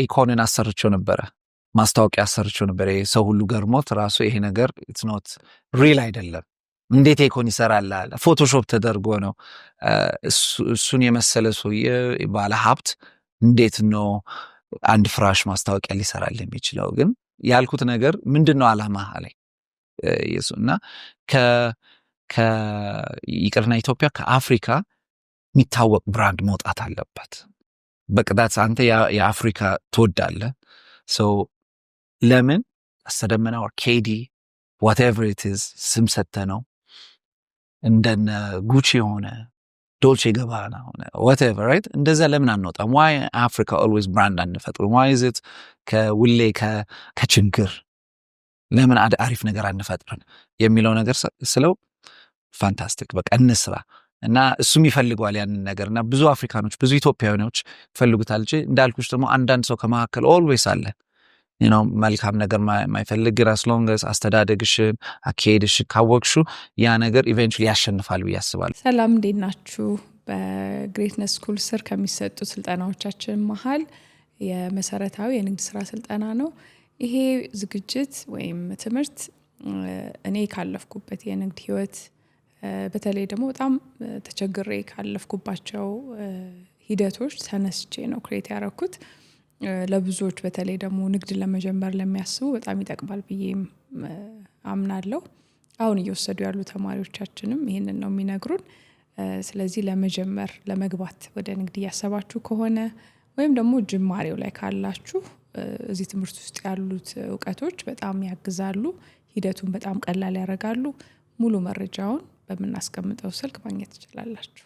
ኤኮንን አሰርቸው ነበረ ማስታወቂያ አሰርቸው ነበረ። ሰው ሁሉ ገርሞት ራሱ ይሄ ነገር ኢትኖት ሪል አይደለም እንዴት ኤኮን ይሰራል አለ። ፎቶሾፕ ተደርጎ ነው። እሱን የመሰለ ሰውዬ ባለ ሀብት እንዴት ነው አንድ ፍራሽ ማስታወቂያ ሊሰራል የሚችለው? ግን ያልኩት ነገር ምንድን ነው አላማ ላይ የሱ እና ከይቅርና ኢትዮጵያ ከአፍሪካ የሚታወቅ ብራንድ መውጣት አለበት። በቅዳት አንተ የአፍሪካ ትወዳለህ። ለምን አስተደመና ወር ኬዲ ዋትኤቨር ኢትዝ ስም ሰጥተህ ነው እንደነ ጉቺ የሆነ ዶልቼ ገባና ሆነ ዋትኤቨር ራይት እንደዛ ለምን አንወጣም? ዋይ አፍሪካ ኦልዌይዝ ብራንድ አንፈጥርም? ዋይ ዝት ከውሌ ከችግር ለምን አሪፍ ነገር አንፈጥርን የሚለው ነገር ስለው ፋንታስቲክ በቃ እንስራ። እና እሱም ይፈልገዋል ያንን ነገር እና ብዙ አፍሪካኖች ብዙ ኢትዮጵያውያኖች ይፈልጉታል እ እንዳልኩች ደግሞ አንዳንድ ሰው ከመካከል ኦልዌይስ አለ ነው መልካም ነገር ማይፈልግ ራስሎንገስ ሎንገስ አስተዳደግሽን ካወቅሹ ያ ነገር ኢቨንቹዋሊ ያሸንፋል ብዬ አስባለሁ። ሰላም እንዴት ናችሁ? በግሬትነስ ስኩል ስር ከሚሰጡ ስልጠናዎቻችን መሀል የመሰረታዊ የንግድ ስራ ስልጠና ነው። ይሄ ዝግጅት ወይም ትምህርት እኔ ካለፍኩበት የንግድ ህይወት በተለይ ደግሞ በጣም ተቸግሬ ካለፍኩባቸው ሂደቶች ተነስቼ ነው ክሬት ያረኩት። ለብዙዎች በተለይ ደግሞ ንግድ ለመጀመር ለሚያስቡ በጣም ይጠቅማል ብዬም አምናለሁ። አሁን እየወሰዱ ያሉ ተማሪዎቻችንም ይህንን ነው የሚነግሩን። ስለዚህ ለመጀመር ለመግባት ወደ ንግድ እያሰባችሁ ከሆነ ወይም ደግሞ ጅማሬው ላይ ካላችሁ እዚህ ትምህርት ውስጥ ያሉት እውቀቶች በጣም ያግዛሉ። ሂደቱን በጣም ቀላል ያደርጋሉ። ሙሉ መረጃውን በምናስቀምጠው ስልክ ማግኘት ትችላላችሁ።